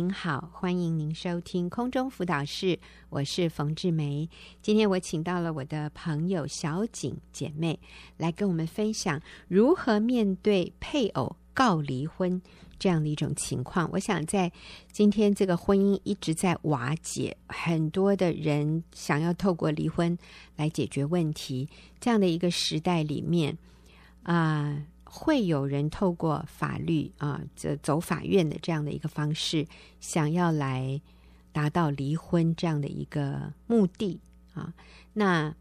您好，歡迎您收聽空中輔導室，我是馮志梅。今天我請到了我的朋友小瑾姐妹來跟我們分享如何面對配偶告離婚這樣的一種情況。我想在今天這個婚姻一直在瓦解，很多的人想要透過離婚來解決問題這樣的一個時代裡面，啊、呃。會有人透過法律啊，這走法院的這樣的一個方式，想要來達到離婚這樣的一個目的啊。那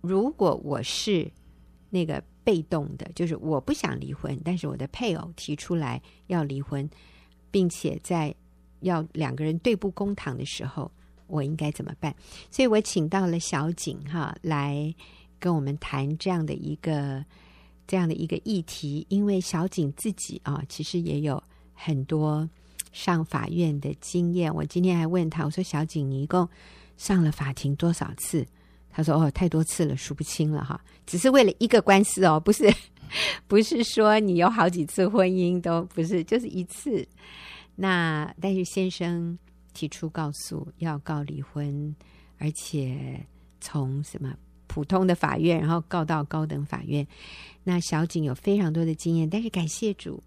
如果我是那個被動的，就是我不想離婚，但是我的配偶提出來要離婚，並且在要兩個人對簿公堂的時候，我應該怎麼辦？所以我請到了小瑾哈來跟我們談這樣的一個。這樣的一個議題，因為小瑾自己啊、哦，其實也有很多上法院的經驗。我今天還問他，我說：“小瑾，你一共上了法庭多少次？”他說：“哦，太多次了，數不清了哈。只是為了一個官司哦，不是，嗯、不是說你有好幾次婚姻，都不是，就是一次。那但是先生提出告訴要告離婚，而且從什麼？”普通的法院，然後告到高等法院。那小瑾有非常多的經驗，但是感謝主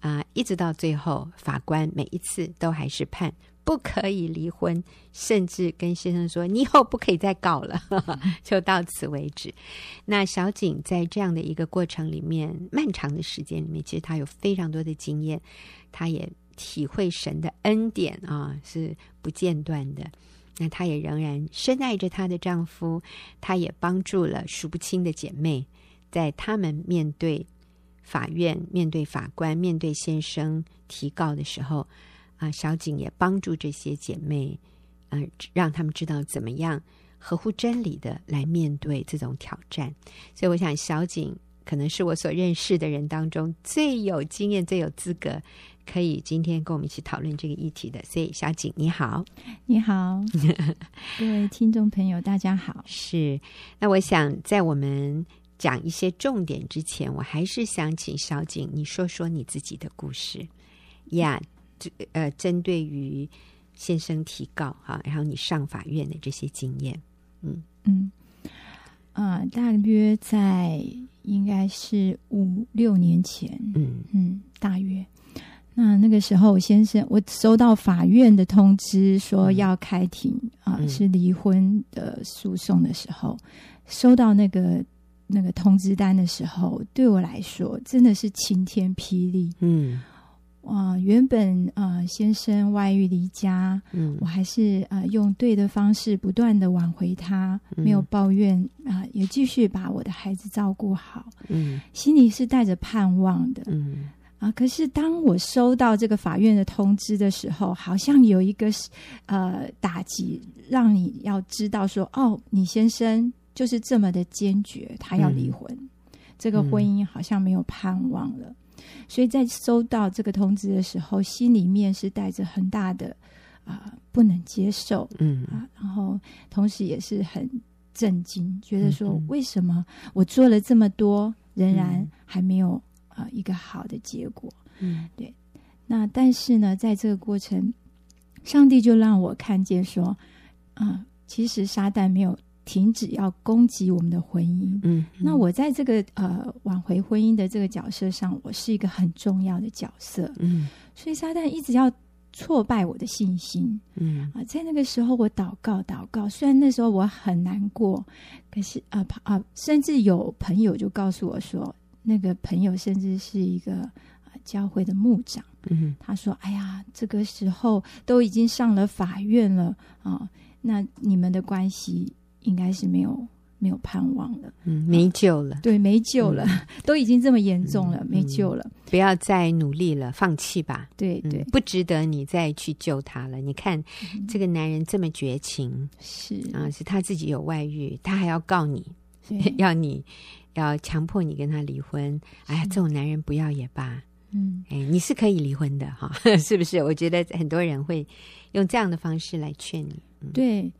啊，一直到最後，法官每一次都還是判不可以離婚，甚至跟先生說，你以後不可以再告了呵呵，就到此為止。那小瑾在這樣的一個過程裡面，漫長的時間裡面，其實他有非常多的經驗，他也體會神的恩典啊，是不間斷的。那她也仍然深愛着她的丈夫，她也幫助了數不清的姐妹，在她們面對法院、面對法官、面對先生提告的時候，啊，小瑾也幫助這些姐妹，啊，讓她們知道怎麼樣合乎真理的來面對這種挑戰。所以，我想小瑾可能是我所認識的人當中最有經驗、最有資格，可以今天跟我們一起討論這個議題的，所以小瑾你好，你好，你好 各位聽眾朋友大家好。是，那我想在我們講一些重點之前，我還是想請小瑾你說說你自己的故事呀，yeah, 呃，針對於先生提告哈、啊，然後你上法院的這些經驗，嗯嗯嗯、呃，大約在應該是五六年前，嗯嗯，大約。那那個時候，我先生，我收到法院的通知說要開庭啊、嗯呃，是離婚的訴訟的時候，收到那個那個通知單的時候，對我來說真的是晴天霹靂。嗯，哇、呃，原本啊、呃，先生外遇離家，嗯、我還是啊、呃、用對的方式不斷的挽回他，嗯、沒有抱怨啊、呃，也繼續把我的孩子照顧好。嗯，心裡是帶着盼望的。嗯。啊！可是當我收到這個法院的通知的時候，好像有一個呃打擊，讓你要知道說，哦，你先生就是這麼的堅決，他要離婚，嗯、這個婚姻好像沒有盼望了。嗯、所以在收到這個通知的時候，心裡面是帶着很大的啊、呃、不能接受，嗯啊，然後同時也是很震驚，覺得說為什麼我做了這麼多，仍然還沒有。啊、呃，一個好的結果，嗯，對。那但是呢，在這個過程，上帝就讓我看見說，啊、呃，其實撒旦沒有停止要攻擊我們的婚姻，嗯。嗯那我在這個呃挽回婚姻的這個角色上，我是一個很重要的角色，嗯。所以撒旦一直要挫敗我的信心，嗯。啊、呃，在那個時候，我禱告禱告，雖然那時候我很難過，可是啊、呃、啊，甚至有朋友就告訴我說。那個朋友甚至是一個啊教會的牧長，嗯，他說：“哎呀，這個時候都已經上了法院了啊、呃，那你們的關係應該是沒有沒有盼望了，嗯，沒救了、呃，對，沒救了，嗯、都已經這麼嚴重了，嗯嗯、沒救了，不要再努力了，放棄吧，對對、嗯，不值得你再去救他了。你看、嗯、這個男人這麼絕情，是啊，是他自己有外遇，他還要告你，對 要你。”要強迫你跟他離婚。是哎呀，這種男人不要也罷，嗯，哎，你是可以離婚的哈，是不是？我覺得很多人會用這樣的方式來勸你。嗯、對，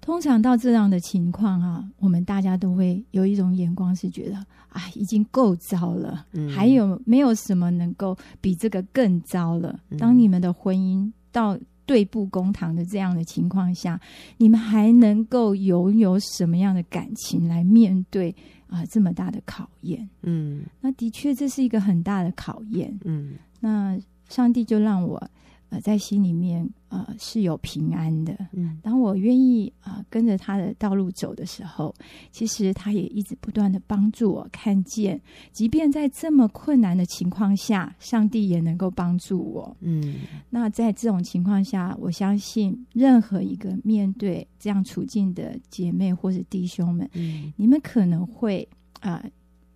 通常到這樣的情況啊，我們大家都會有一種眼光，是覺得啊、哎，已經夠糟了，嗯、還有沒有什麼能夠比這個更糟了？當你們的婚姻到對簿公堂的這樣的情況下，嗯、你們還能夠擁有什麼樣的感情來面對？啊，這麼大的考驗，嗯，那的確這是一個很大的考驗，嗯，那上帝就讓我。呃，在心裡面，呃，是有平安的。當我願意啊、呃，跟着他的道路走的時候，其實他也一直不斷地幫助我，看見，即便在這麼困難的情況下，上帝也能夠幫助我。嗯，那在這種情況下，我相信任何一個面對這樣處境的姐妹或是弟兄們，嗯、你們可能會啊。呃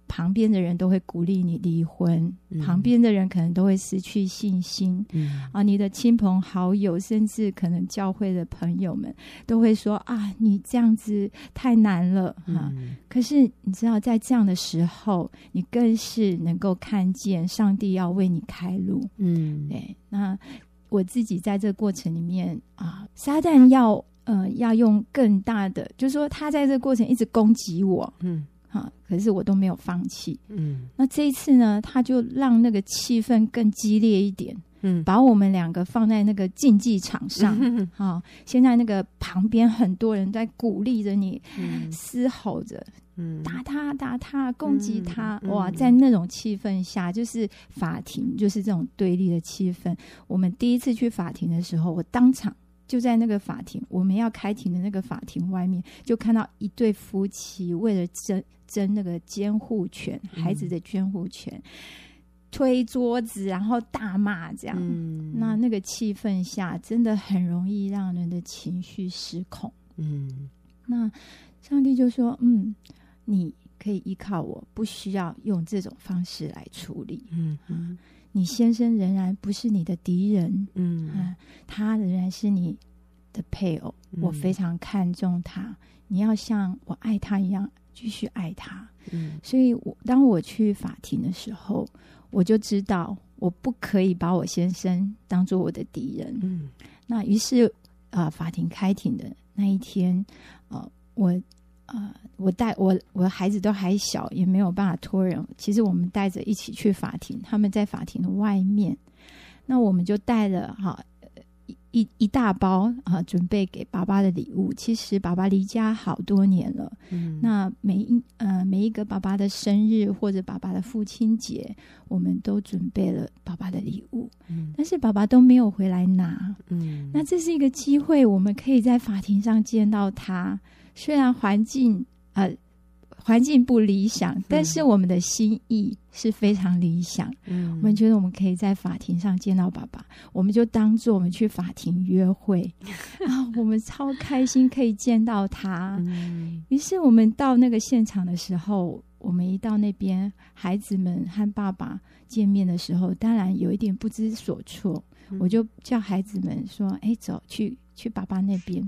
旁邊的人都會鼓勵你離婚，嗯、旁邊的人可能都會失去信心。嗯、啊，你的親朋好友，甚至可能教會的朋友們，都會說啊，你這樣子太難了。哈、啊，嗯、可是你知道，在這樣的時候，你更是能夠看見上帝要為你開路。嗯，對。那我自己在這個過程裡面啊，撒旦要呃，要用更大的，就是說他在這個過程一直攻擊我。嗯。可是我都沒有放棄。嗯，那這一次呢，他就讓那個氣氛更激烈一點。嗯，把我們兩個放在那個競技場上。啊、嗯，現在那個旁邊很多人在鼓勵着你，嘶吼着，嗯、打他，打他，攻擊他！嗯、哇，在那種氣氛下，就是法庭，就是這種對立的氣氛。我們第一次去法庭的時候，我當場。就在那個法庭，我們要開庭的那個法庭外面，就看到一對夫妻為了爭爭那個監護權，孩子的監護權，嗯、推桌子，然後大罵這樣。嗯、那那個氣氛下，真的很容易讓人的情緒失控。嗯，那上帝就說：“嗯，你可以依靠我，不需要用這種方式來處理。嗯哼”嗯、啊你先生仍然不是你的敵人，嗯，呃，他仍然是你的配偶。我非常看重他，嗯，你要像我愛他一樣繼續愛他。嗯，所以我，我當我去法庭的時候，我就知道我不可以把我先生當做我的敵人。嗯，那於是啊，呃，法庭開庭的那一天啊，呃，我。呃，我帶我我的孩子都還小，也沒有辦法托人。其實我們帶着一起去法庭，他們在法庭的外面。那我們就帶了哈，啊，一一大包啊，準備給爸爸的禮物。其實爸爸離家好多年了，嗯，那每一呃每一個爸爸的生日或者爸爸的父親節，我們都準備了爸爸的禮物。嗯，但是爸爸都沒有回來拿。嗯，那這是一個機會，我們可以在法庭上見到他。雖然環境呃環境不理想，是啊，但是我們的心意是非常理想。嗯，我們覺得我們可以在法庭上見到爸爸，我們就當作我們去法庭約會 啊，我們超開心可以見到他。嗯，於是我們到那個現場的時候，我們一到那邊，孩子們和爸爸見面的時候，當然有一點不知所措，嗯，我就叫孩子們說：“哎，欸，走去去爸爸那邊。”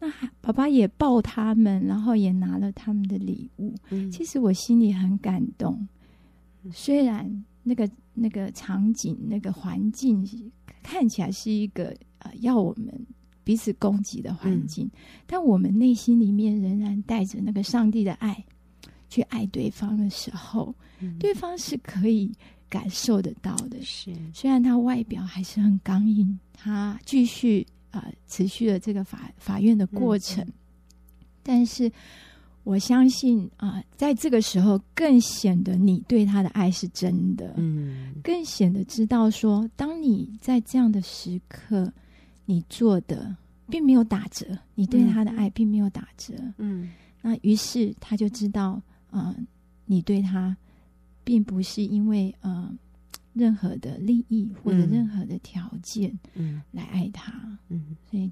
那爸爸也抱他們，然後也拿了他們的禮物。嗯、其實我心裡很感動。雖然那個那個場景、那個環境看起來是一個呃要我們彼此攻擊的環境，嗯、但我們內心裡面仍然帶着那個上帝的愛去愛對方的時候，嗯、對方是可以感受得到的。是，雖然他外表還是很剛硬，他繼續。啊、呃，持續了這個法法院的過程，嗯嗯、但是我相信啊、呃，在這個時候更顯得你對他的愛是真的，嗯，更顯得知道說，當你在這樣的時刻，你做的並沒有打折，你對他的愛並沒有打折，嗯，嗯那於是他就知道，啊、呃，你對他並不是因為嗯。呃任何的利益或者任何的條件，嗯，來愛他，嗯，嗯嗯所以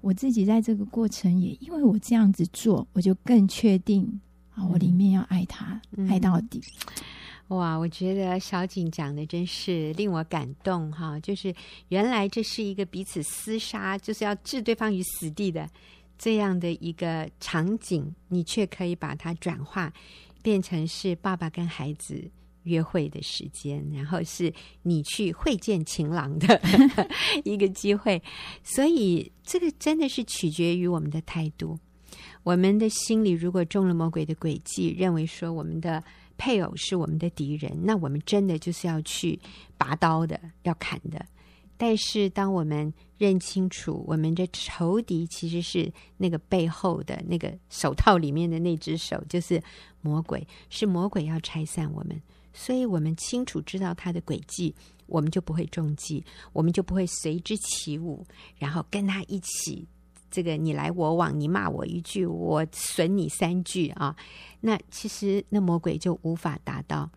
我自己在這個過程也，因為我這樣子做，我就更確定啊，我裡面要愛他，嗯嗯、愛到底。哇，我覺得小瑾講的真是令我感動哈！就是原來這是一個彼此廝殺，就是要置對方於死地的這樣的一個場景，你卻可以把它轉化變成是爸爸跟孩子。約會的時間，然後是你去會見情郎的一個機會，所以這個真的是取決於我們的態度。我們的心裡如果中了魔鬼的詭計，認為說我們的配偶是我們的敵人，那我們真的就是要去拔刀的，要砍的。但是當我們認清楚我們的仇敵其實是那個背後的那個手套裡面的那隻手，就是魔鬼，是魔鬼要拆散我們。所以，我們清楚知道他的詭計，我們就不會中計，我們就不會隨之起舞，然後跟他一起，這個你來我往，你罵我一句，我損你三句啊。那其實，那魔鬼就無法達到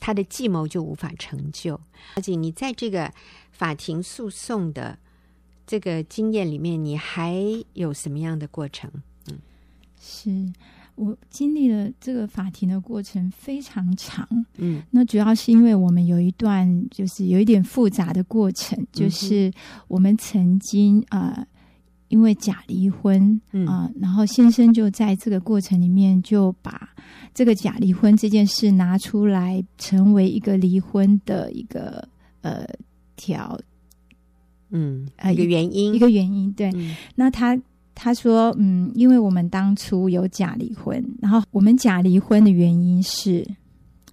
他的計謀，就無法成就。而且你在這個法庭訴訟的這個經驗裡面，你還有什麼樣的過程？嗯，是。我經歷了這個法庭的過程非常長，嗯，那主要是因為我們有一段就是有一點複雜的過程，就是我們曾經啊、呃，因為假離婚，啊、嗯呃，然後先生就在這個過程裡面就把這個假離婚這件事拿出來，成為一個離婚的一個呃條，嗯，呃，一個原因、呃，一個原因，對，嗯、那他。他說：“嗯，因為我們當初有假離婚，然後我們假離婚的原因是，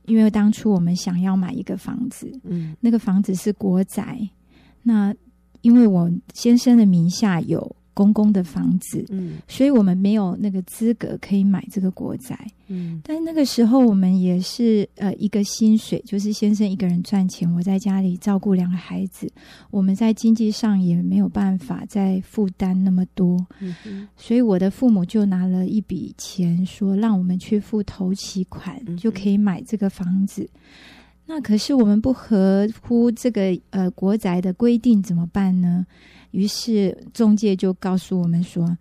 因為當初我們想要買一個房子，嗯，那個房子是國宅，那因為我先生的名下有。”公公的房子，所以我們沒有那個資格可以買這個國宅，嗯、但那個時候我們也是呃一個薪水，就是先生一個人賺錢，我在家裡照顧兩個孩子，我們在經濟上也沒有辦法再負擔那麼多，嗯哼，所以我的父母就拿了一筆錢，說讓我們去付頭期款，嗯哼，就可以買這個房子。那可是我們不合乎這個呃國宅的規定，怎麼辦呢？於是中介就告訴我們說：“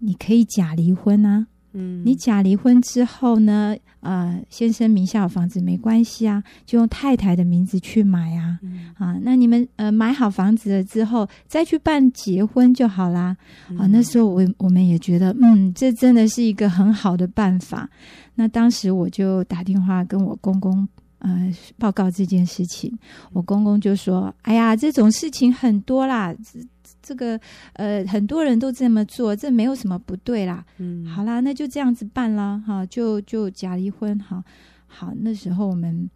你可以假離婚啊，嗯，你假離婚之後呢，呃，啊先生名下有房子沒關係啊，就用太太的名字去買啊，啊，那你們呃買好房子了之後再去辦結婚就好啦。啊，啊，那時候我我們也覺得，嗯，這真的是一個很好的辦法。那當時我就打電話跟我公公呃報告這件事情，我公公就說：哎呀，這種事情很多啦。”這個呃，很多人都這麼做，這沒有什麼不對啦。嗯，好啦，那就這樣子辦啦。哈，就就假離婚哈。好，那時候我們，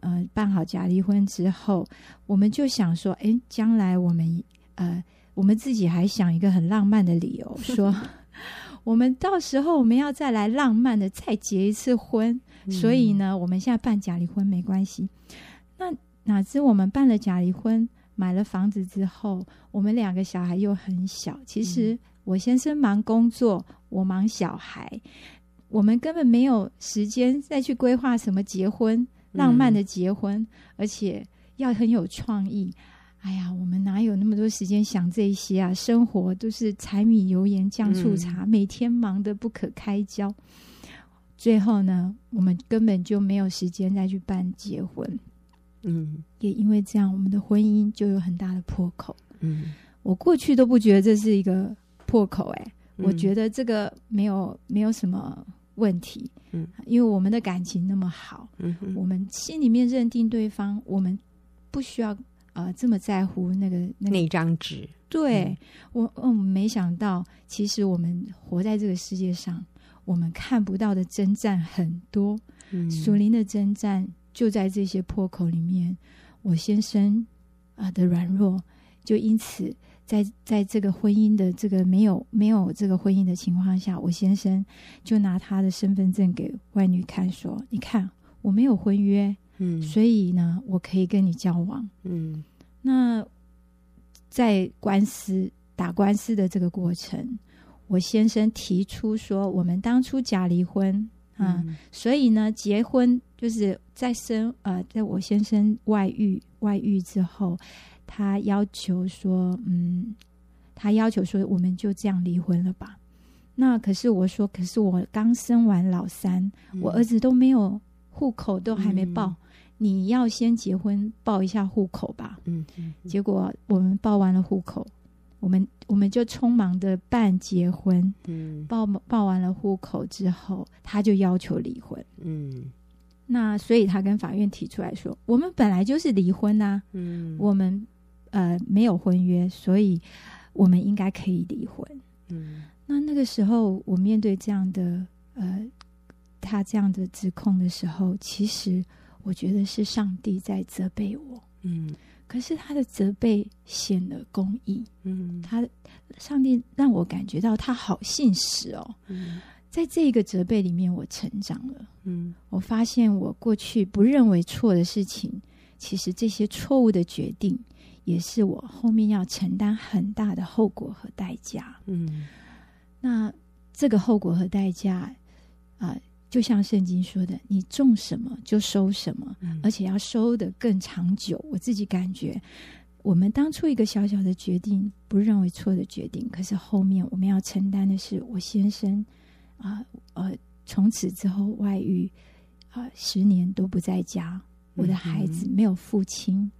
呃，辦好假離婚之後，我們就想說，哎，將來我們呃，我們自己還想一個很浪漫的理由， 說我們到時候我們要再來浪漫的再結一次婚。嗯，所以呢，我們現在辦假離婚沒關係。那哪知我們辦了假離婚。買了房子之後，我們兩個小孩又很小。其實我先生忙工作，我忙小孩，我們根本沒有時間再去規劃什麼結婚、嗯、浪漫的結婚，而且要很有創意。哎呀，我們哪有那麼多時間想這些啊？生活都是柴米油鹽醬醋茶，嗯、每天忙得不可開交。最後呢，我們根本就沒有時間再去辦結婚。嗯，也因為這樣，我們的婚姻就有很大的破口。嗯，我過去都不覺得這是一個破口。欸，哎、嗯，我覺得這個沒有沒有什麼問題。嗯，因為我們的感情那麼好，嗯哼，我們心裡面認定對方，我們不需要、呃、這麼在乎那個那張、個、紙。對我，嗯，沒想到其實我們活在這個世界上，我們看不到的征戰很多，嗯，屬靈的征戰。就在這些破口裡面，我先生啊、呃、的軟弱，就因此在在這個婚姻的這個沒有沒有這個婚姻的情況下，我先生就拿他的身份證給外女看，說：“你看，我沒有婚約，嗯，所以呢，我可以跟你交往。”嗯，那在官司打官司的這個過程，我先生提出說，我們當初假離婚。嗯，所以呢，結婚就是在生呃，在我先生外遇外遇之後，他要求說，嗯，他要求說，我們就這樣離婚了吧。那可是我說，可是我剛生完老三，嗯、我兒子都沒有戶口，都還沒報，嗯、你要先結婚報一下戶口吧？嗯嗯，嗯嗯，結果我們報完了戶口。我們我們就匆忙的辦結婚，嗯，報報完了戶口之後，他就要求離婚。嗯，那所以他跟法院提出來說，我們本來就是離婚吶、啊。嗯，我們呃沒有婚約，所以我們應該可以離婚。嗯，那那個時候我面對這樣的呃他這樣的指控的時候，其實我覺得是上帝在責備我。嗯。可是他的責備顯了公義，嗯，他上帝讓我感覺到他好信實哦，嗯，在這個責備裡面我成長了，嗯，我發現我過去不認為錯的事情，其實這些錯誤的決定也是我後面要承擔很大的後果和代價，嗯，那這個後果和代價啊。呃就像聖經說的，你種什麼就收什麼，嗯、而且要收得更長久。我自己感覺，我們當初一個小小的決定，不認為錯的決定，可是後面我們要承擔的是，我先生啊、呃，呃，從此之後外遇啊、呃，十年都不在家，我的孩子沒有父親、嗯、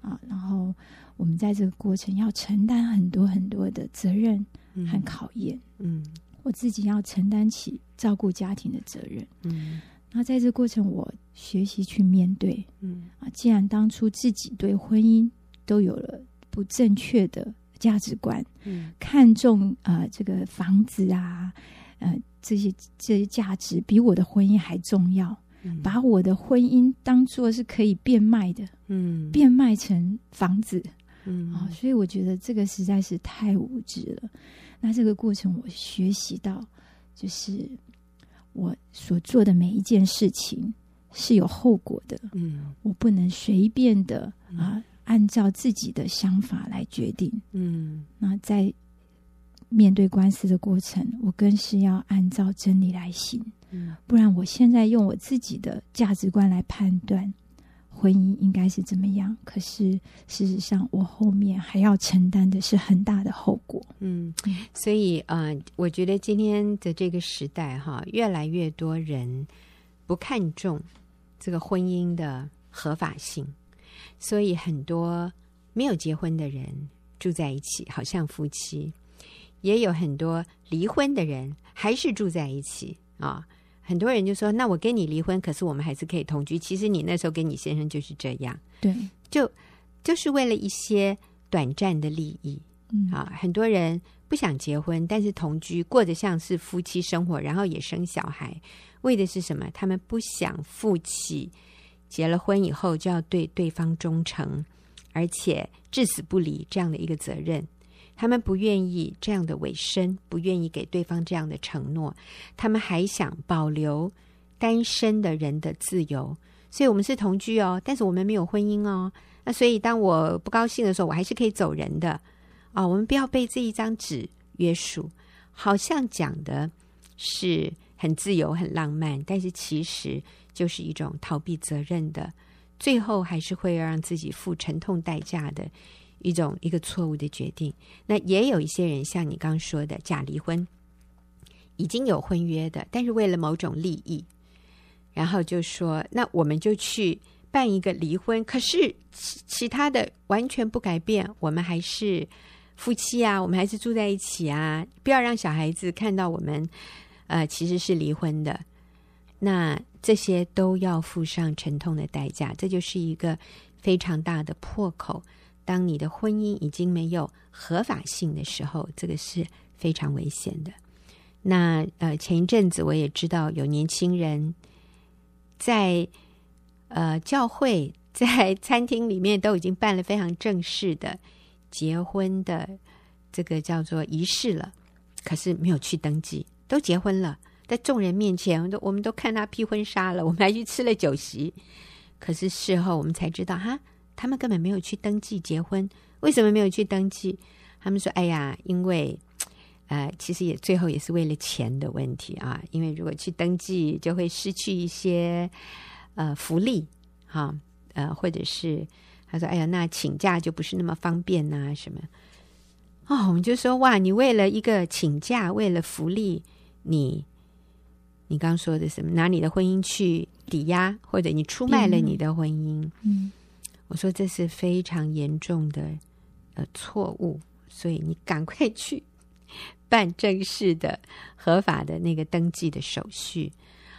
哼啊，然後我們在這個過程要承擔很多很多的責任和考驗，嗯。嗯我自己要承擔起照顧家庭的責任，嗯，那在這過程，我學習去面對，嗯啊，既然當初自己對婚姻都有了不正確的價值觀，嗯，看重啊、呃、這個房子啊，呃，這些這些價值比我的婚姻還重要，嗯、把我的婚姻當做是可以變賣的，嗯，變賣成房子，嗯啊，所以我覺得這個實在是太無知了。那這個過程，我學習到，就是我所做的每一件事情是有後果的。嗯，我不能隨便的、嗯、啊，按照自己的想法來決定。嗯，那在面對官司的過程，我更是要按照真理來行。嗯，不然我現在用我自己的價值觀來判斷婚姻應該是怎麼樣，可是事實上，我後面還要承擔的是很大的後果。嗯，所以呃，我覺得今天的這個時代哈，越來越多人不看重這個婚姻的合法性，所以很多沒有結婚的人住在一起，好像夫妻，也有很多離婚的人還是住在一起啊。很多人就說：“那我跟你離婚，可是我們還是可以同居。”其實你那時候跟你先生就是這樣，對，就就是為了一些短暫的利益。嗯、啊，很多人不想結婚，但是同居過得像是夫妻生活，然後也生小孩，為的是什麼？他們不想負起結了婚以後就要對對方忠誠，而且至死不離這樣的一個責任。他們不願意這樣的委身，不願意給對方這樣的承諾。他們還想保留單身的人的自由，所以我們是同居哦，但是我們沒有婚姻哦。那所以當我不高興的時候，我還是可以走人的。啊、哦，我們不要被這一張紙約束，好像講的是很自由、很浪漫，但是其實就是一種逃避責任的，最後還是會讓自己付沉痛代價的一種一個錯誤的決定。那也有一些人，像你剛說的假離婚，已經有婚約的，但是為了某種利益，然後就說那我們就去辦一個離婚，可是其其他的完全不改變，我們還是夫妻啊，我們還是住在一起啊！不要讓小孩子看到我們，呃，其實是離婚的。那這些都要付上沉痛的代價，這就是一個非常大的破口。當你的婚姻已經沒有合法性的時候，這個是非常危險的。那呃，前一陣子我也知道有年輕人在呃教會、在餐廳裡面都已經辦了非常正式的。結婚的這個叫做儀式了，可是沒有去登記，都結婚了，在眾人面前，我們都看他披婚紗了，我們還去吃了酒席，可是事後我們才知道，哈、啊，他們根本沒有去登記結婚，為什麼沒有去登記？他們說，哎呀，因為，呃，其實也最後也是為了錢的問題啊，因為如果去登記，就會失去一些呃福利，哈、啊，呃，或者是。他說：“哎呀，那請假就不是那麼方便呐、啊，什麼？哦，我們就說哇，你為了一個請假，為了福利，你你剛剛說的什麼？拿你的婚姻去抵押，或者你出賣了你的婚姻？嗯嗯、我說這是非常嚴重的呃錯誤，所以你趕快去辦正式的、合法的那個登記的手續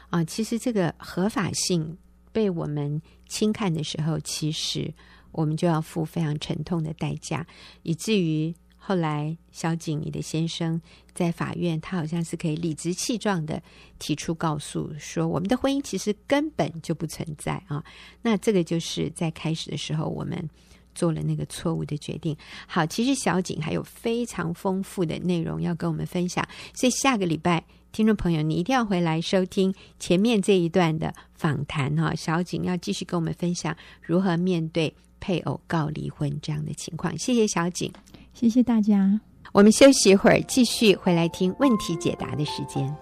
啊、呃！其實這個合法性被我們輕看的時候，其實。”我們就要付非常沉痛的代價，以至於後來小瑾，你的先生在法院，他好像是可以理直氣壯地提出告訴說，我們的婚姻其實根本就不存在啊。那這個就是在開始的時候，我們做了那個錯誤的決定。好，其實小瑾還有非常豐富的內容要跟我們分享，所以下個禮拜聽眾朋友，你一定要回來收聽前面這一段的訪談哈、啊。小瑾要繼續跟我們分享如何面對。配偶告離婚這樣的情況，謝謝小瑾，謝謝大家。我們休息一會兒，繼續回來聽問題解答的時間。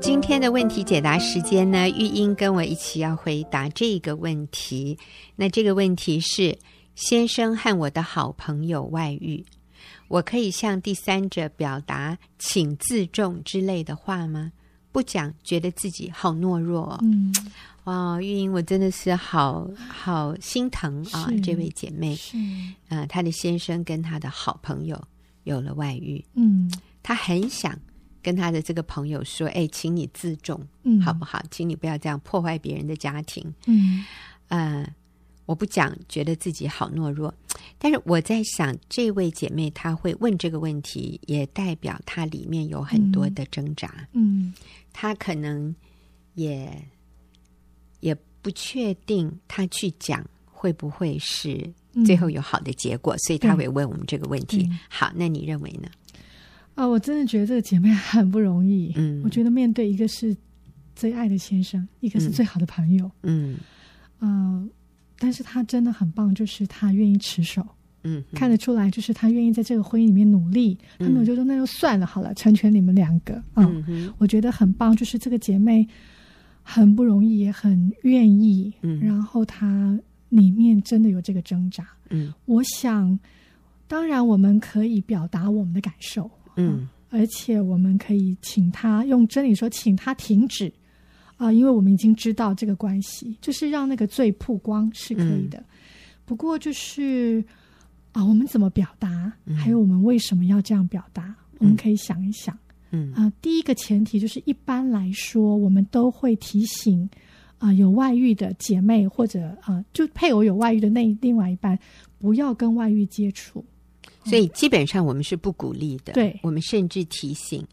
今天的問題解答時間呢，玉英跟我一起要回答這個問題。那這個問題是：先生和我的好朋友外遇，我可以向第三者表達“請自重”之類的話嗎？不講，覺得自己好懦弱、哦。嗯，哇、哦，玉英，我真的是好好心疼啊、哦！是，這位姐妹是啊、呃，她的先生跟她的好朋友有了外遇，嗯，她很想。跟他的這個朋友說：“哎，請你自重，嗯，好不好？請你不要這樣破壞別人的家庭，嗯，呃，我不講，覺得自己好懦弱。但是我在想，這位姐妹她會問這個問題，也代表她裡面有很多的掙扎，嗯，嗯，她可能也也不確定，她去講會不會是最後有好的結果，嗯，所以她會問我們這個問題。嗯、嗯，好，那你認為呢？”啊、呃，我真的覺得這個姐妹很不容易。嗯，我覺得面對一個是最愛的先生，一個是最好的朋友。嗯嗯、呃，但是她真的很棒，就是她願意持守。嗯哼，看得出來，就是她願意在這個婚姻裡面努力。嗯、她沒有就說那就算了，好了，成全你們兩個。呃、嗯哼我覺得很棒，就是這個姐妹很不容易，也很願意。嗯，然後她裡面真的有這個掙扎。嗯，我想，當然我們可以表達我們的感受。嗯，而且我們可以請他用真理說，請他停止啊、呃，因為我們已經知道這個關係，就是讓那個罪曝光是可以的。嗯、不過就是啊、呃，我們怎麼表達，還有我們為什麼要這樣表達，嗯、我們可以想一想。嗯啊、嗯呃，第一個前提就是，一般來說，我們都會提醒啊、呃，有外遇的姐妹或者啊、呃，就配偶有外遇的那另外一半，不要跟外遇接觸。所以基本上我們是不鼓勵的。對，我們甚至提醒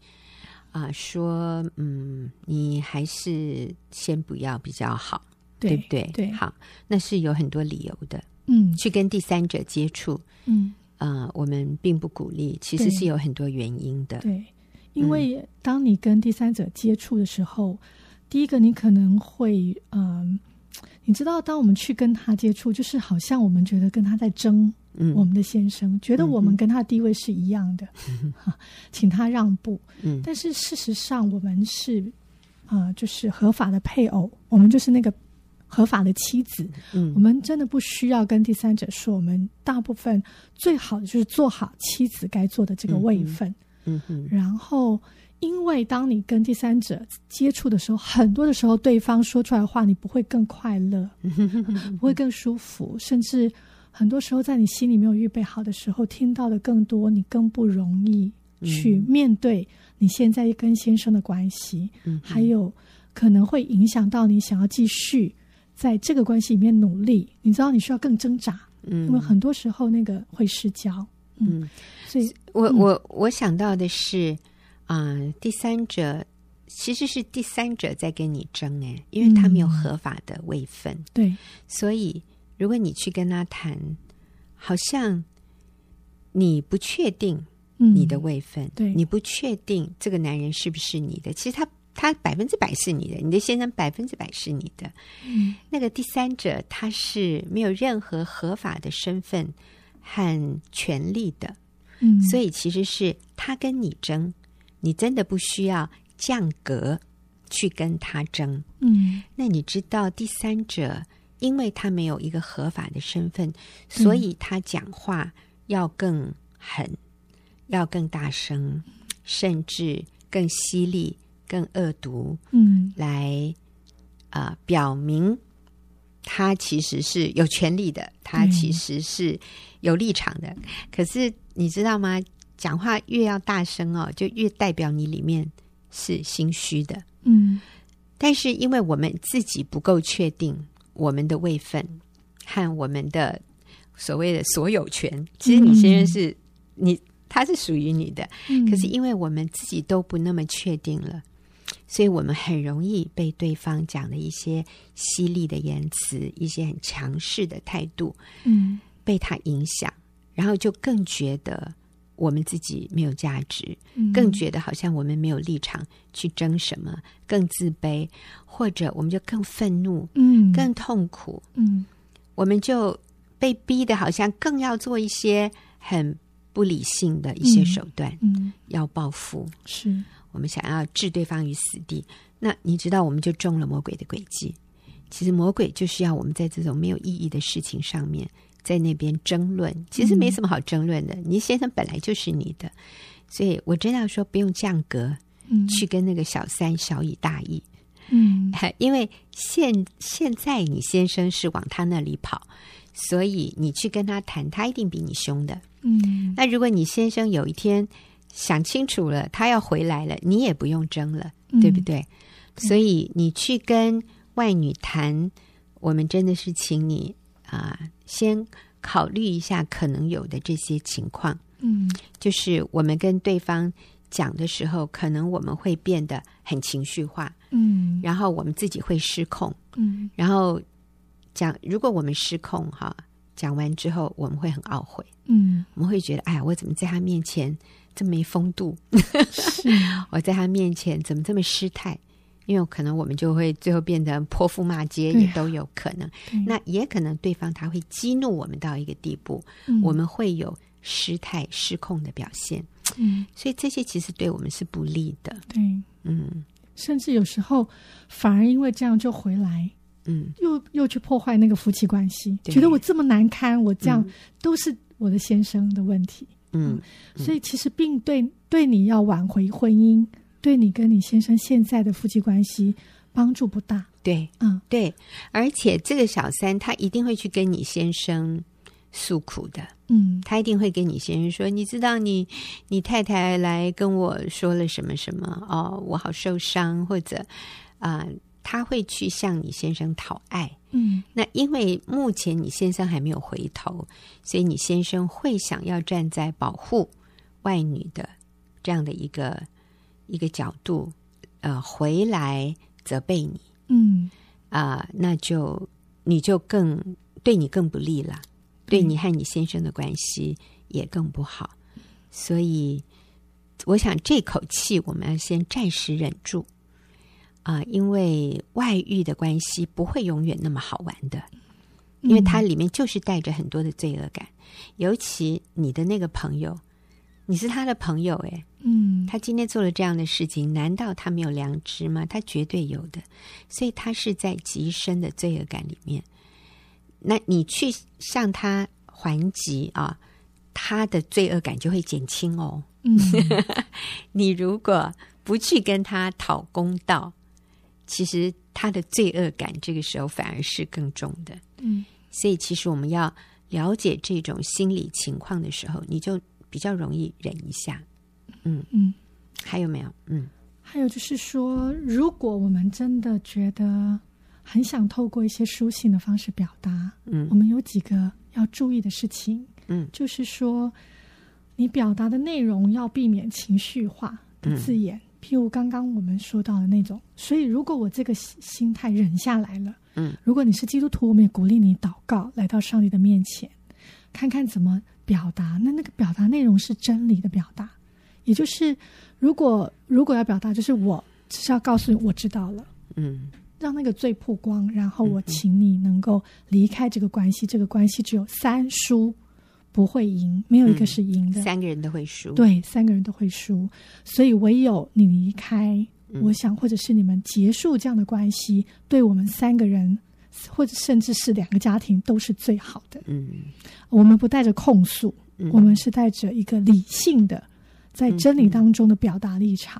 啊、呃，說嗯，你還是先不要比較好，對，對不對？對，好，那是有很多理由的。嗯，去跟第三者接觸，嗯，啊，我們並不鼓勵，其實是有很多原因的。對，嗯、因為當你跟第三者接觸的時候，第一個你可能會，嗯、呃，你知道，當我們去跟他接觸，就是好像我們覺得跟他在爭。嗯、我們的先生覺得我們跟他的地位是一樣的，嗯嗯啊，請他讓步。嗯、但是事實上我們是啊，呃，就是合法的配偶，我們就是那個合法的妻子。嗯嗯、我們真的不需要跟第三者說，我們大部分最好的就是做好妻子該做的這個位分。嗯嗯嗯嗯、然後因為當你跟第三者接觸的時候，很多的時候對方說出來的話，你不會更快樂，嗯嗯、不會更舒服，甚至。很多時候，在你心裡沒有預備好的時候，聽到的更多，你更不容易去面對你現在跟先生的關係，嗯嗯、還有可能會影響到你想要繼續在這個關係裡面努力。你知道，你需要更掙扎，嗯，因為很多時候那個會失焦。嗯，嗯所以、嗯、我我我想到的是啊、呃，第三者其實是第三者在跟你爭誒，因為他沒有合法的位份、嗯。對，所以。如果你去跟他談，好像你不確定你的位分，嗯，對，你不確定這個男人是不是你的。其實他他百分之百是你的，你的先生百分之百是你的。嗯，那個第三者他是沒有任何合法的身份和權利的。嗯，所以其實是他跟你爭，你真的不需要降格去跟他爭。嗯，那你知道第三者？因為他沒有一個合法的身份，所以他講話要更狠，嗯、要更大聲，甚至更犀利、更惡毒。嗯，來啊、呃，表明他其實是有權利的，他其實是有立場的。嗯、可是你知道嗎？講話越要大聲哦，就越代表你裡面是心虛的。嗯，但是因為我們自己不夠確定。我們的位分和我們的所謂的所有權，其實你先生是你，他是屬於你的。嗯、可是因為我們自己都不那麼確定了，所以我們很容易被對方講的一些犀利的言辭、一些很強勢的態度，嗯，被他影響，然後就更覺得。我們自己沒有價值，更覺得好像我們沒有立場去爭什麼，嗯，更自卑，或者我們就更憤怒，嗯，更痛苦，嗯，我們就被逼得，好像更要做一些很不理性的一些手段，嗯，要報復，嗯，是我們想要置對方於死地。那你知道，我們就中了魔鬼的詭計。其實魔鬼就是要我們在這種沒有意義的事情上面。在那邊爭論，其實沒什麼好爭論的。嗯、你先生本來就是你的，所以我真的要說不用降格，嗯、去跟那個小三小、小以大乙，嗯，因為現現在你先生是往他那裡跑，所以你去跟他談，他一定比你凶的，嗯。那如果你先生有一天想清楚了，他要回來了，你也不用爭了，嗯、對不對？所以你去跟外女談，我們真的是請你。啊、呃，先考慮一下可能有的這些情況。嗯，就是我們跟對方講的時候，可能我們會變得很情緒化。嗯，然後我們自己會失控。嗯，然後講，如果我們失控哈、啊，講完之後我們會很懊悔。嗯，我們會覺得，哎呀，我怎麼在他面前這麼沒風度？ 是我在他面前怎麼這麼失態？因為可能我們就會最後變得潑婦罵街，也都有可能。那也可能對方他會激怒我們到一個地步，我們會有失態失控的表現。嗯，所以這些其實對我們是不利的。對，嗯，甚至有時候反而因為這樣就回來，嗯，又又去破壞那個夫妻關係，覺得我這麼難堪，我這樣都是我的先生的問題。嗯，所以其實並對對你要挽回婚姻。對你跟你先生現在的夫妻關係幫助不大，對，嗯，對，而且這個小三他一定會去跟你先生訴苦的，嗯，他一定會跟你先生說，你知道你你太太來跟我說了什麼什麼哦，我好受傷，或者啊、呃，他會去向你先生討愛，嗯，那因為目前你先生還沒有回頭，所以你先生會想要站在保護外女的這樣的一個。一個角度，呃，回來責備你，嗯啊、呃，那就你就更對你更不利了，對你和你先生的關係也更不好。嗯、所以，我想這口氣我們要先暫時忍住啊、呃，因為外遇的關係不會永遠那麼好玩的，因為它裡面就是帶着很多的罪惡感，嗯、尤其你的那個朋友，你是他的朋友誒，哎。嗯，他今天做了這樣的事情，難道他沒有良知嗎？他絕對有的，所以他是在極深的罪惡感裡面。那你去向他還擊啊，他的罪惡感就會減輕哦。嗯， 你如果不去跟他討公道，其實他的罪惡感這個時候反而是更重的。嗯，所以其實我們要了解這種心理情況的時候，你就比較容易忍一下。嗯嗯，還有沒有？嗯，還有就是說，如果我們真的覺得很想透過一些書信的方式表達，嗯，我們有幾個要注意的事情，嗯，就是說，你表達的內容要避免情緒化的字眼，嗯、譬如剛剛我們說到的那種。所以，如果我這個心態忍下來了，嗯，如果你是基督徒，我們也鼓勵你禱告，來到上帝的面前，看看怎麼表達。那那個表達內容是真理的表達。也就是，如果如果要表達，就是我、嗯、只是要告訴你，我知道了，嗯，讓那個罪曝光，然後我請你能夠離開這個關係。嗯、這個關係只有三輸，不會贏，沒有一個是贏的、嗯，三個人都會輸，對，三個人都會輸。所以唯有你離開，嗯、我想，或者是你們結束這樣的關係，對我們三個人，或者甚至是兩個家庭，都是最好的。嗯，我們不帶着控訴，嗯、我們是帶着一個理性的。在真理當中的表達立場，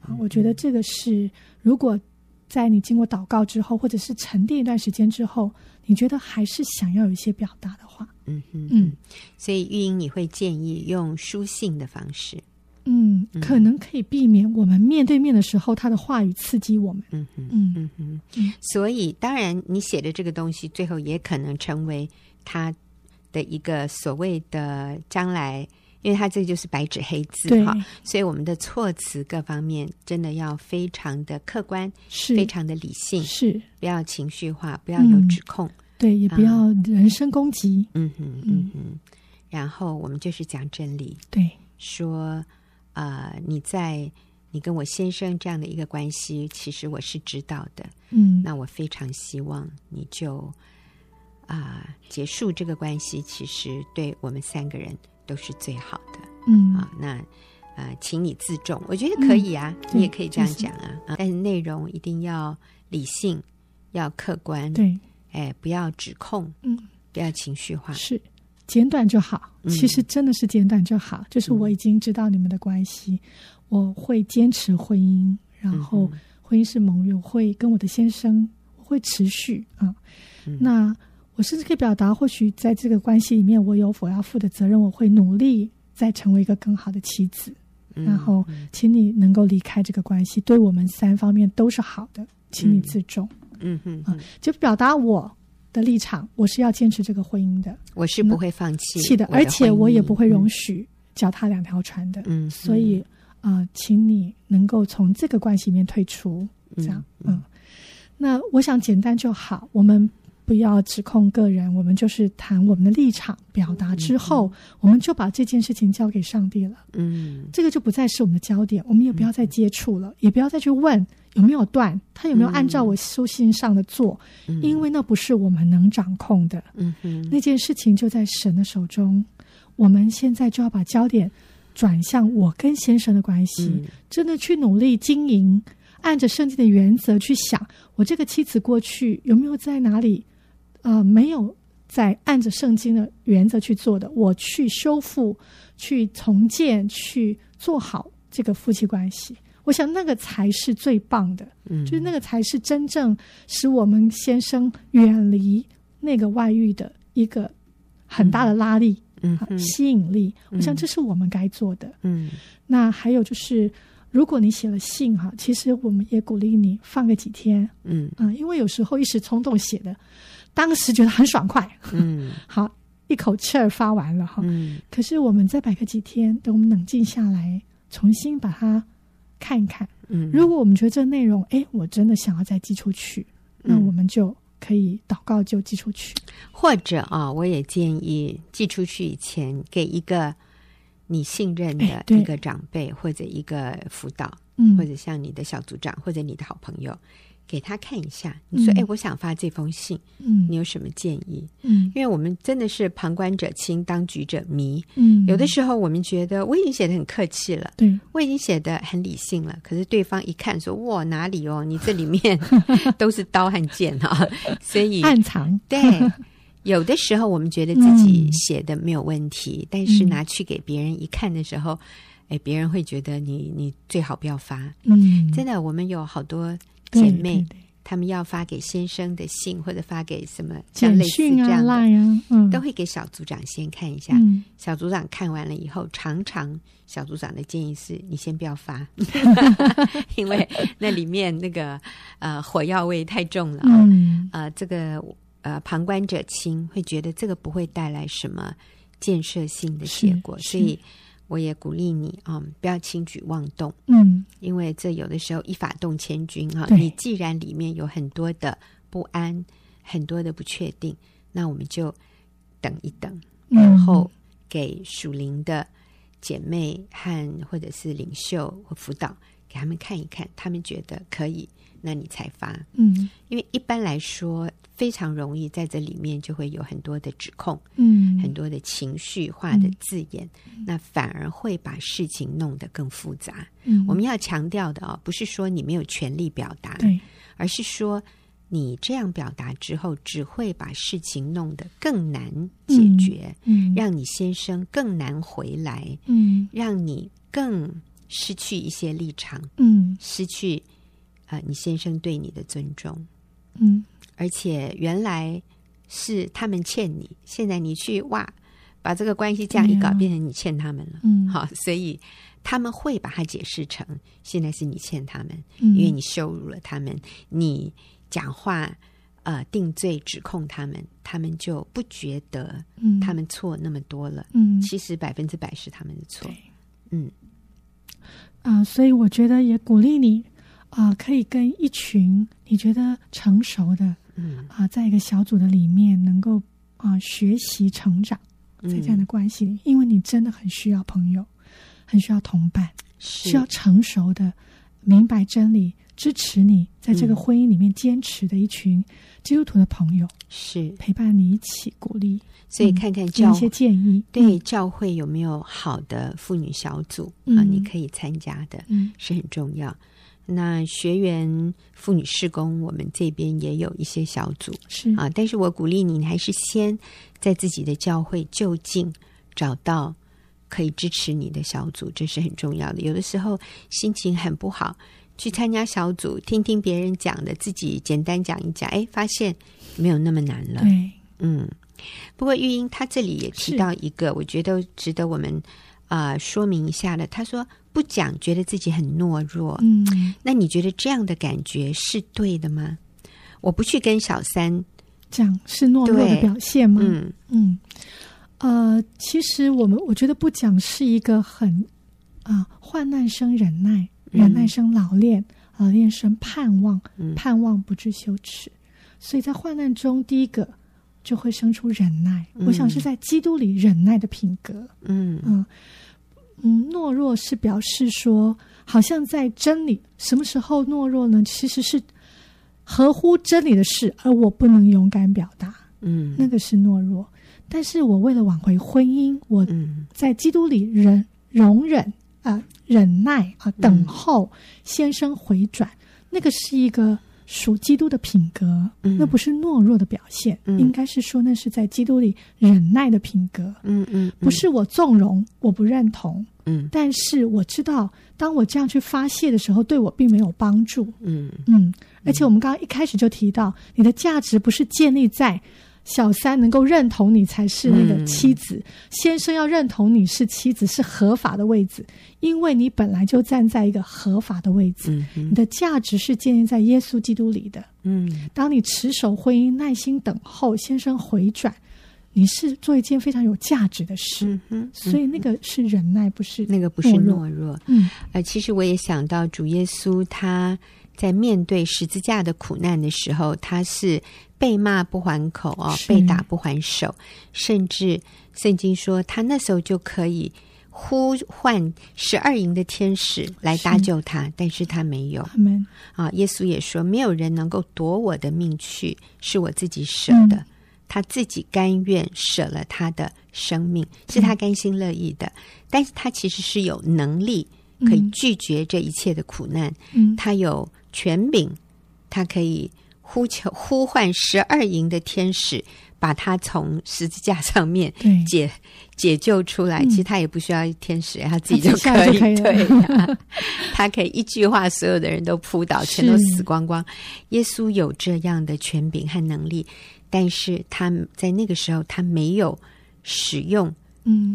啊、嗯哼，我覺得這個是，如果在你經過禱告之後，或者是沉澱一段時間之後，你覺得還是想要有一些表達的話，嗯哼嗯，所以玉英你會建議用書信的方式，嗯，嗯，可能可以避免我們面對面的時候他的話語刺激我們，嗯嗯嗯哼，嗯，所以當然你寫的這個東西最後也可能成為他的一個所謂的將來。因為他這就是白紙黑字哈，對所以我們的措辭各方面真的要非常的客觀，是非常的理性，是，不要情緒化，不要有指控，嗯、對，也不要人身攻擊。啊、嗯嗯嗯哼。嗯然後我們就是講真理，對，說啊、呃，你在你跟我先生這樣的一個關係，其實我是知道的。嗯，那我非常希望你就啊、呃、結束這個關係，其實對我們三個人。都是最好的，嗯啊，那呃，請你自重，我覺得可以啊，嗯、你也可以這樣講啊、嗯嗯，但是內容一定要理性，要客觀，對，哎，不要指控，嗯，不要情緒化，是，簡短就好，其實真的是簡短就好，嗯、就是我已經知道你們的關係，嗯、我會堅持婚姻，然後婚姻是盟約，會跟我的先生，我會持續啊，嗯、那。我甚至可以表達，或許在這個關係裡面，我有否要負的責任，我會努力再成為一個更好的妻子。嗯、然後，請你能夠離開這個關係，對我們三方面都是好的，請你自重。嗯嗯，嗯，嗯、呃，就表達我的立場，我是要堅持這個婚姻的，我是不會放棄，棄、嗯、的，而且我也不會容許腳踏兩條船的。嗯，嗯，所以啊、呃，請你能夠從這個關係裡面退出，這樣嗯嗯，嗯，那我想簡單就好，我們。不要指控個人，我們就是談我們的立場，表達之後，嗯、哼我們就把這件事情交給上帝了。嗯，這個就不再是我們的焦點，我們也不要再接觸了，嗯、也不要再去問有沒有斷，他有沒有按照我書信上的做，嗯、因為那不是我們能掌控的。嗯哼那件事情就在神的手中。我們現在就要把焦點轉向我跟先生的關係，嗯、真的去努力經營，按着聖經的原則去想，我這個妻子過去有沒有在哪裡？啊、呃，沒有在按着聖經的原則去做的，我去修復、去重建、去做好這個夫妻關係，我想那個才是最棒的，嗯，就是那個才是真正使我們先生遠離那個外遇的一個很大的拉力，嗯、啊，吸引力。嗯、我想這是我們該做的，嗯。那還有就是，如果你寫了信哈，其實我們也鼓勵你放個幾天，嗯啊，因為有時候一時衝動寫的。當時覺得很爽快，嗯， 好，一口氣兒發完了哈。嗯、可是我們再擺個幾天，等我們冷靜下來，重新把它看一看。嗯，如果我們覺得這內容，哎，我真的想要再寄出去，那我們就可以禱告，就寄出去。嗯、或者啊、哦，我也建議寄出去以前，給一個你信任的一個長輩，或者一個輔導，嗯、哎，或者像你的小組長，嗯、或者你的好朋友。給他看一下，你說：“哎，我想發這封信，嗯，你有什麼建議？嗯，因為我們真的是旁觀者清，當局者迷，嗯，有的時候我們覺得我已經寫的很客氣了，對我已經寫的很理性了，可是對方一看說：‘哇，哪裡哦，你這裡面都是刀和劍啊，所以暗藏。’對，有的時候我們覺得自己寫的沒有問題，但是拿去給別人一看的時候，哎，別人會覺得你你最好不要發。嗯，真的，我們有好多。”姐妹，對對對，她們要發給先生的信，或者發給什麼像類似這樣的，啊、都會給小組長先看一下。嗯、小組長看完了以後，常常小組長的建議是：你先不要發，因為那裡面那個呃火藥味太重了。啊、嗯呃，這個呃旁觀者清，會覺得這個不會帶來什麼建設性的結果，所以。我也鼓勵你啊，um, 不要輕舉妄動。嗯，因為這有的時候一法動千軍哈，uh, 對你既然裡面有很多的不安，很多的不確定，那我們就等一等，嗯、然後給屬靈的姐妹和或者是領袖和輔導。給他們看一看，他們覺得可以，那你才發。嗯，因為一般來說，非常容易在這裡面就會有很多的指控，嗯，很多的情緒化的字眼，嗯，那反而會把事情弄得更複雜。嗯，我們要強調的啊哦，不是說你沒有權利表達，對，而是說你這樣表達之後，只會把事情弄得更難解決，嗯，讓你先生更難回來，嗯，讓你更。失去一些立場，嗯，失去呃你先生對你的尊重，嗯，而且原來是他們欠你，現在你去哇，把這個關係這樣一搞，哎、呀變成你欠他們了，嗯，好，所以他們會把它解釋成現在是你欠他們，因為你羞辱了他們，嗯、你講話呃定罪指控他們，他們就不覺得，他們錯那麼多了，嗯，嗯其實百分之百是他們的錯，對嗯。啊、呃，所以我覺得也鼓勵你，啊、呃，可以跟一群你覺得成熟的，啊、嗯呃，在一個小組的裡面，能夠啊、呃、學習成長，在這樣的關係裡，嗯、因為你真的很需要朋友，很需要同伴，需要成熟的，嗯、明白真理。支持你在這個婚姻裡面堅持的一群基督徒的朋友，嗯、是陪伴你一起鼓勵，所以看看教一、嗯、些建議，對教會有沒有好的婦女小組、嗯、啊，你可以參加的，嗯，是很重要。嗯、那學員婦女事工，我們這邊也有一些小組，是啊，但是我鼓勵你，你還是先在自己的教會就近找到可以支持你的小組，這是很重要的。有的時候心情很不好。去參加小組，聽聽別人講的，自己簡單講一講，哎、欸，發現沒有那麼難了。對，嗯。不過玉英她這裡也提到一個，是我覺得值得我們啊、呃、說明一下的。她說不講，覺得自己很懦弱。嗯，那你覺得這樣的感覺是對的嗎？我不去跟小三講，是懦弱的表現嗎？嗯嗯。呃，其實我們我覺得不講是一個很啊、呃、患難生忍耐。忍耐、嗯、生老練，老練生盼望，嗯、盼望不至羞恥，所以在患難中，第一個就會生出忍耐。嗯、我想是在基督裡忍耐的品格。嗯嗯嗯，懦弱是表示說，好像在真理什麼時候懦弱呢？其實是合乎真理的事，而我不能勇敢表達。嗯，那個是懦弱。但是我為了挽回婚姻，我在基督裡忍容忍啊。呃忍耐啊，等候先生回轉，嗯、那個是一個屬基督的品格，嗯、那不是懦弱的表現，嗯、應該是說那是在基督裡忍耐的品格。嗯嗯嗯、不是我縱容，我不認同。嗯、但是我知道，當我這樣去發洩的時候，對我並沒有幫助。嗯嗯，嗯而且我們剛剛一開始就提到，你的價值不是建立在。小三能夠認同你才是那個妻子，嗯、先生要認同你是妻子是合法的位置，因為你本來就站在一個合法的位置，嗯、哼你的價值是建立在耶穌基督裡的。嗯，當你持守婚姻，耐心等候先生回轉，你是做一件非常有價值的事。嗯嗯、所以那個是忍耐，不是那個不是懦弱。嗯，呃，其實我也想到主耶穌他。在面對十字架的苦難的時候，他是被罵不還口哦，被打不還手，是甚至聖經說他那時候就可以呼喚十二營的天使來搭救他，是但是他沒有。Amen 啊，耶穌也說沒有人能夠奪我的命去，是我自己捨的，嗯、他自己甘願捨了他的生命，是他甘心樂意的，嗯、但是他其實是有能力、嗯、可以拒絕這一切的苦難，嗯、他有。權柄，他可以呼求、呼喚十二營的天使，把他從十字架上面解對解救出來。嗯、其實他也不需要天使，他自己就可以。可以對，他可以一句話，所有的人都撲倒， 全都死光光。是耶穌有這樣的權柄和能力，但是他在那個時候，他沒有使用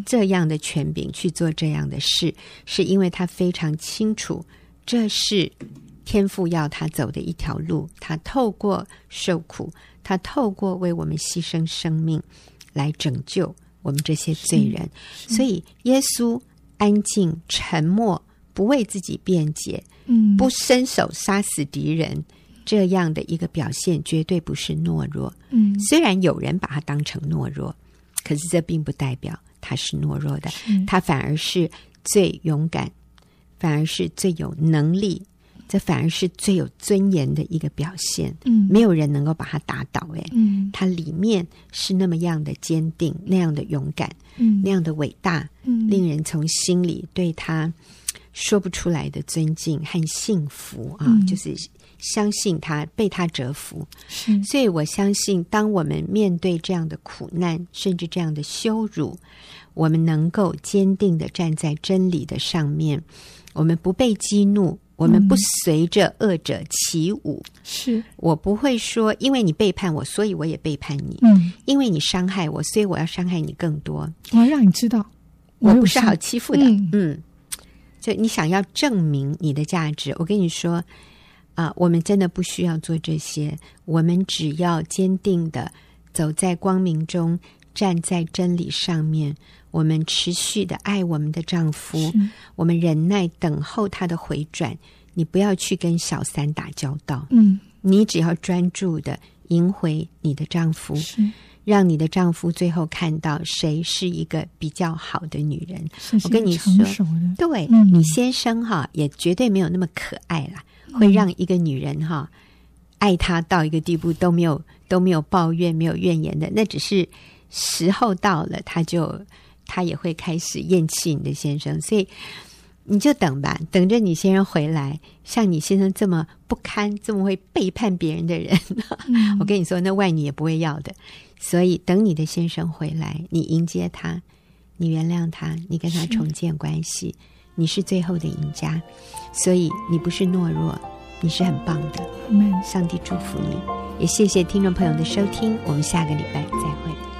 這樣的權柄去做這樣的事，嗯、是因為他非常清楚這是。天父要他走的一條路，他透過受苦，他透過為我們犧牲生命來拯救我們這些罪人。所以，耶穌安靜、沉默，不為自己辯解，不伸手殺死敵人、嗯、這樣的一個表現，絕對不是懦弱。嗯、雖然有人把他當成懦弱，可是這並不代表他是懦弱的，是他反而是最勇敢，反而是最有能力。這反而是最有尊嚴的一個表現。嗯，沒有人能夠把他打倒，哎，嗯，他裡面是那麼樣的堅定，那樣的勇敢，嗯，那樣的偉大，嗯，令人從心裡對他說不出來的尊敬和幸福啊，嗯、就是相信他，被他折服。是，所以我相信，當我們面對這樣的苦難，甚至這樣的羞辱，我們能夠堅定地站在真理的上面，我們不被激怒。我們不隨着惡者起舞，嗯、是，我不會說，因為你背叛我，所以我也背叛你。嗯，因為你傷害我，所以我要傷害你更多。我要讓你知道，我，我不是好欺負的。嗯，就、嗯、你想要證明你的價值，我跟你說啊、呃，我們真的不需要做這些，我們只要堅定地走在光明中。站在真理上面，我們持續的愛我們的丈夫，是我們忍耐等候他的回轉。你不要去跟小三打交道，嗯，你只要專注的贏回你的丈夫，是讓你的丈夫最後看到誰是一個比較好的女人。我跟你說，嗯、對你先生哈，也絕對沒有那麼可愛啦，嗯、會讓一個女人哈愛他到一個地步都沒有都沒有抱怨沒有怨言的，那只是。時候到了，他就他也會開始厭棄你的先生，所以你就等吧，等着你先生回來。像你先生這麼不堪、這麼會背叛別人的人，嗯、 我跟你說，那外女也不會要的。所以等你的先生回來，你迎接他，你原諒他，你跟他重建關係，是你是最後的贏家。所以你不是懦弱，你是很棒的。嗯、上帝祝福你，也謝謝聽眾朋友的收聽，我們下個禮拜再會。